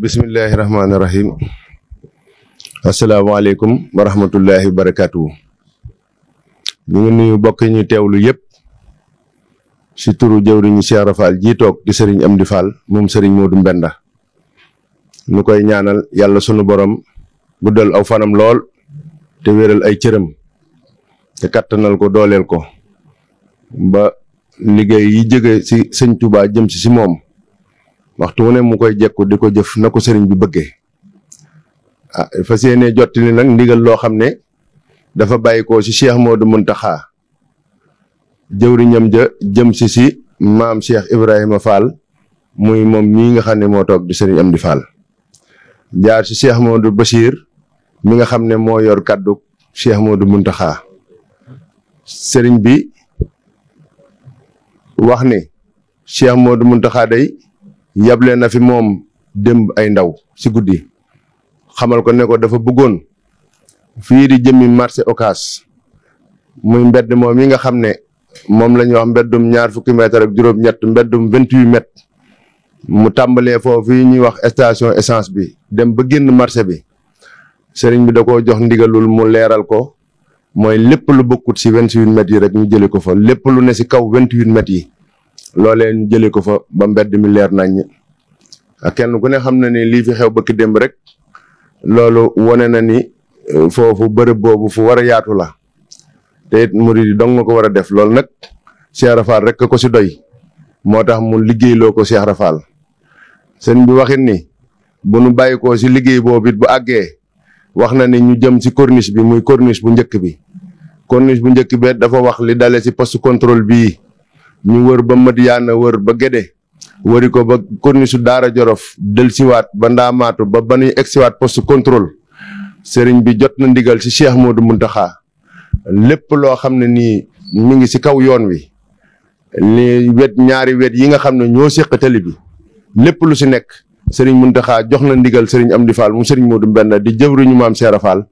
bismillahi rahmaani rahim asalaamaaleykum wa rahmatullahi wa barakaatu. ñu ngi nuyu mbokk yi ñu teewlu yëpp si turu jëwriñu Cheikh Rafal ji toog di sëriñ Amdi Fall moom sëriñ Modou Mbenda. nu koy ñaanal yàlla sunu borom guddal aw fanam lool te wéral ay cëram te kàttanal ko dooleel ko ba liggéey yi jóge si sëñ Touba jëm si si moom. waxtu wu ne mu koy jekku di ko jëf na ko bi bëggee ah fasiyene jotti ni nak ndigal lo xam dafa bayiko ko ci cheikh Modou Muntaxa ñam ja jëm ci ci maam cheikh Ibrahima Fall muy mom mi nga xam mo tok di serigne Amdi Fall jaar ci cheikh Modou bashir mi nga xam mo yor kaddu cheikh Modou Muntaxa serigne bi wax ne cheikh Modou Muntaxa day yablé na fi mom demb ay ndaw ci goudi xamal ko ne ko dafa bëggoon fi di jëmi marché Ocass muy mbedd mom yi nga xamné mom lañu wax mbeddum ñaar fukki mètre ak juroom ñett mbeddum 28 mètre mu tambalé fofu yi ñi wax station essence bi dem ba génn marché bi sëriñ bi da ko jox ndigalul mu léral ko moy lepp lu bokut ci 28 huit mètres yi rek ñu jël ko fa lepp lu ne ci kaw 28 huit mètres yi loolee ñu jëlee ko fa ba mbedd mi leer nañ ah, kenn ku ne xam na ni li fi xew bëkk démb rek lolu woné na ni eh, fofu bëre bobu fu wara yaatu la té it murid dong nga ko wara def lolu nak Cheikh Rafal rek ko si doy motax mu liggéey loko Cheikh Rafal seen bi waxin ni bu nu bayiko ci liggéey bobit bu aggé wax na ni ñu jëm ci corniche bi muy corniche bu ñëkk bi corniche bu ñëkk bi dafa wax li dalé ci poste contrôle bii ñu wër ba na wër ba gédé wëri ko ba kornisu dara jorof del wat ba ndaamaatu ba ba nuy wat poste contrôle sëriñ bi jot na ndigal ci cheikh modou muntaxa lepp lo xam ni nii mi ngi ci kaw yoon wi li wet ñaari wet yi nga xam ño ñoo séq tali bi lepp lu ci nek sëriñ muntaxa jox na ndigal sëriñ amdi fall mu sëriñ modou benn di ñu maam cheikh rafal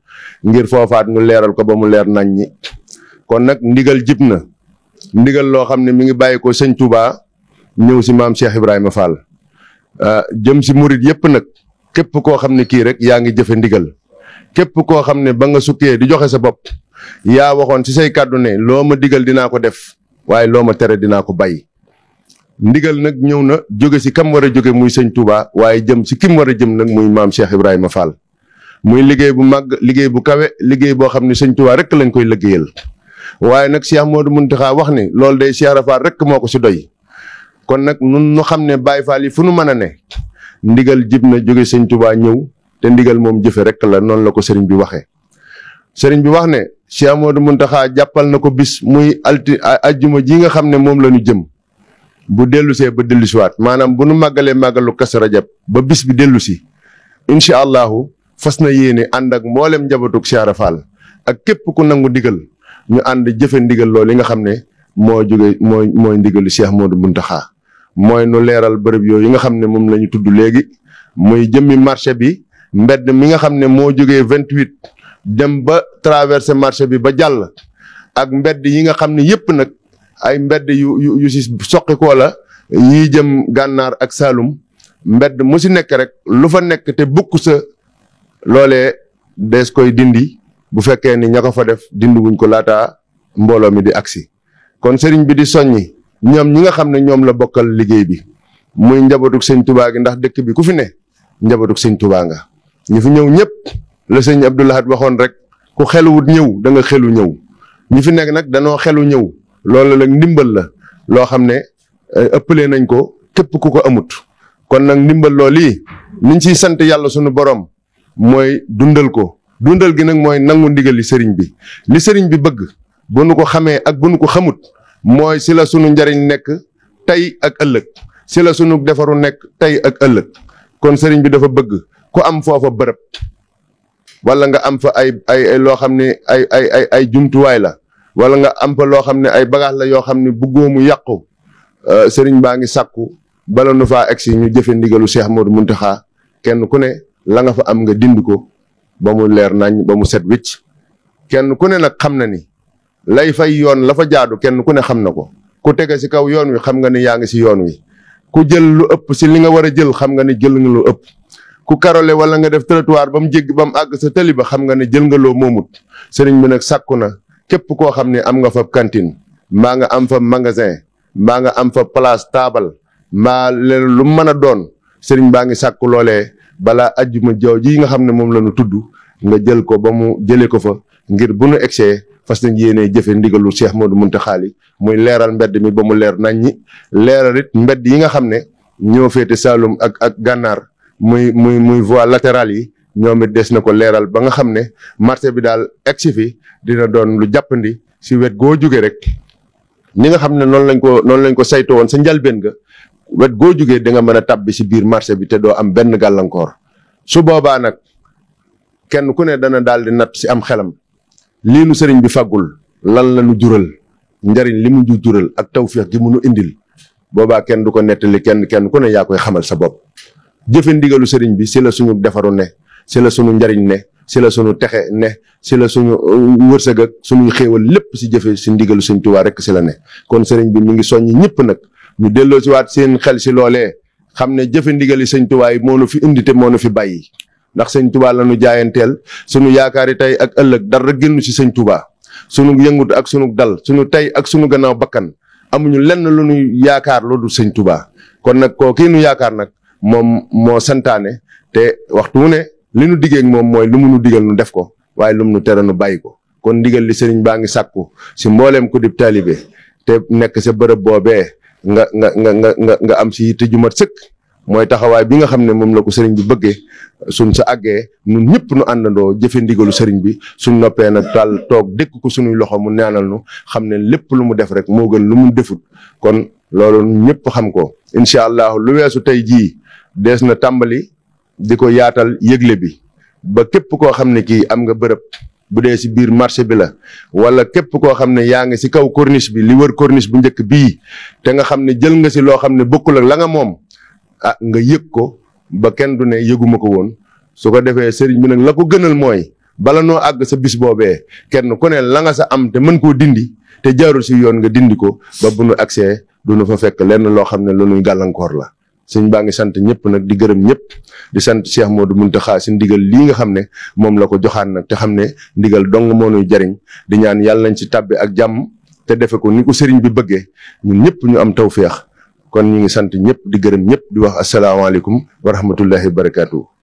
ngir fofaat ñu leeral ko ba mu leer nañ ni kon nak ndigal jipna ndigal loo xam ne mi ngi bàyyi ko sëñ Touba ñëw si maam Cheikh Ibrahima Fall euh, jëm si murit yépp nag képp koo xam ne kii rek yaa ngi jëfe képp koo xam ne ba nga sukkee di joxe sa bopp yaa waxoon ci say kàddu ne loo ma digal dinaa ko def waaye loo ma tere dinaa ko bay ndigal nag ñëw na jóge si kam war a jóge muy sëñ Touba waaye jëm si kim war a jëm nag muy maam Cheikh Ibrahima Fall muy liggéey bu màgg liggéey bu kawe liggéey boo xam ne sëñ Touba rek lañ koy liggéeyal waaye nag Cheikh mun taxaa wax ni loolu day Cheikh Rafaal rek moo ko si doy kon nag nun nu xam ne Baye Fall yi fu nu mën a ne ndigal jib na jóge sëñ Tuubaa ñëw te ndigal moom jëfe rek la noonu la ko sëriñ bi waxee sëriñ bi wax ne Cheikh Modou Mountakha jàppal na ko bis muy alti ajjuma ji nga xam ne moom la ñu jëm bu dellusee ba dellusiwaat maanaam bu nu màggalee màggalu Kazu Rajab ba bis bi dellusi incha allahu fas na yéene ànd ak mboolem njabootug Cheikh Rafaal ak képp ku nangu ndigal ñu and jëfe ndigal loolu nga xam ne moo mo mooy ndigal ndigalu Cheikh Modou muntaha moy nu berbiyo bërëb yoy yi nga xam ne lañu tuddu ñu moy léegi jëmmi marché bi mbedd mi nga xam ne moo 28 dem ba traverser marché bi ba jall ak mbedd yi nga yépp nak ay mbedd yu yu yu si ko la yii jëm gannar ak salum mbedd mu ci nek rek lu fa nek te bukk sa lolé des koy dindi bu fekkee ni ña ko fa def dindi wuñ ko laata mbooloo mi di agsi kon sëriñ bi di soññi ñam ñi nga xam ne ñoom la bokkal liggéey bi muy njabootug sëñ tubaa gi ndax dëkk bi ku fi ne njabootug sëñ tubaa nga ñu fi ñëw ñëpp la sëñ Abdou waxoon rek ku xeluwut ñëw da nga xelu ñëw ñu fi nekk nag danoo xelu ñëw loolu nag ndimbal la loo xam ne eh, ëppalee nañ ko képp ku ko amut kon nag ndimbal loolu yi niñ ciy sant yàlla sunu borom mooy dundal ko dundal gi nag mooy nangu ndigal li sëriñ bi li sëriñ bi bëgg bu nu ko xamee ak bu nu ko xamut mooy si la sunu njariñ nekk tey ak ëllëg si la sunu defaru nekk tey ak ëllëg kon sëriñ bi dafa bëgg ku am foofa bërëb wala nga am fa ay loo xam ne ay ay ay ay jumtuwaay la wala nga am fa loo xam ne ay bagaas la yoo xam ne bëggoo mu yàqu euh, sëriñ baa ngi sàkku bala nu faa egsi ñu jëfe ndigalu Cheikh Modou Mountakha kenn ku ne la nga fa am nga dind ko ba mu leer nañ ba mu set wicc kenn ku ne nag xam na ni lay fay yoon la fa jaadu kenn ku ne xam na ko ku tege si kaw yoon wi xam nga ni yaa ngi si yoon wi ku jël lu ëpp si li nga war a jël xam nga ni jël nga lu ëpp ku karole wala nga def trottoir ba mu jéggi ba mu àgg sa tali ba xam nga ne jël nga loo moomut sëriñ bi nag sàkku na képp koo xam ne am nga fa cantine maa nga am fa magasin maa nga am fa palaas taabal maa leen lu mën a doon sëriñ baa ngi sàkku Bala aljuma jaww ji nga xamne mom lañu tuddu nga jël ko ba mu ko fa ngir bu nu egsee fas nañ yéné jëfé ndigalu Cheikh Modou Mountakha muy léral mbedd mi ba mu leer nañ ni léralit it mbedd yi nga xamne ne ñoo féete Saloum ak ak gànnaar muy muy muy voie latérale yi ñoom dess nako léral ba nga xamne marché bi dal exé fi dina doon lu jappandi si wét goju jóge rek. ni nga xamne non lañ ko non lañ ko saytoo won sa njalbeen nga wet goo jugee da nga mën a tàbbi si biir marché bi te doo am benn gàllankoor su boobaa nag kenn ku ne dana daal di natt si am xelam lii sëriñ bi faggul lan la nu jural njariñ li mu ju jural ak tawféex gi mu nu indil boobaa kenn du ko nettali kenn kenn ku ne yaa koy xamal sa bopp jëfe ndigalu sëriñ bi si la suñu defaru ne si la suñu njariñ ne si la suñu texe ne si la suñu uh, wërsëg ak suñuy xéewal lépp si jëfe si ndigalu Sëriñ rekk si la ne kon sëriñ bi mi ngi soññ ñëpp nag ñu delloo si waat seen xel si loolee xam ne jëfe ndigali sëñ tubaa moo nu fi indi te moo nu fi bàyyi ndax sëñ tubaa la nu jaayanteel sunu yaakaari tey ak ëllëg dara génn si sëñ tubaa sunu yëngut ak sunu dal sunu tey ak sunu gannaaw bakkan amuñu lenn lu ñu yaakaar loolu du sëñ tubaa kon nag koo kii yaakaar nag moom moo santaane te waxtu wu ne li nu diggee moom mooy lu mu nu digal nu def ko waaye lu mu nu tere nu bàyyi ko kon ndigal li sëriñ baa ngi sàkku si mbooleem ku dib taalibe te nekk sa bërëb boobee nga nga nga nga nga am si te ju mat sëkk mooy taxawaay bi nga xam ne moom la ko sëriñ bi bëggee suñ sa àggee ñun ñëpp nu àndandoo jëfe ndigalu sëriñ bi suñ noppee nag taal toog dëkk ko suñuy loxo mu neenal nu xam ne lépp lu mu def rek moo gën lu mu defut kon loolu ñëpp xam ko incha allah lu weesu tey jii des na tàmbali di ko yaatal yëgle bi ba képp koo xam ne kii am nga bërëb bude Sibir bir marché bi la wala képp ko xam ne ci kaw corniche bi li wër corniche bu ñëk bi te nga jël nga si lo xam ne ak la nga mom ah nga yëg ko ba kenn du ne yëguma ko woon su ko défé sëriñ bi nak la ko gënal moy bala no ag sa bis bobé kenn ku ne la nga sa am te mën ko dindi te jaarul ci yoon nga dindi ko ba bu nu accès du nu fa fekk lenn lo lu nuy galankor la sëñ baa ngi sant ñëpp nag di gërëm ñëpp di sant du mun Modou Mountakha si ndigal lii nga xam ne moom la ko joxaan nag te xam ne ndigal dong moo nuy jariñ di ñaan yàlla nañ ci tàbbi ak jàmm te defe ko ni ko sëriñ bi bëggee ñun ñëpp ñu am tawféex kon ñu ngi sant ñëpp di gërëm ñëpp di wax asalaamaaleykum wa rahmatullahi wa barakaatu.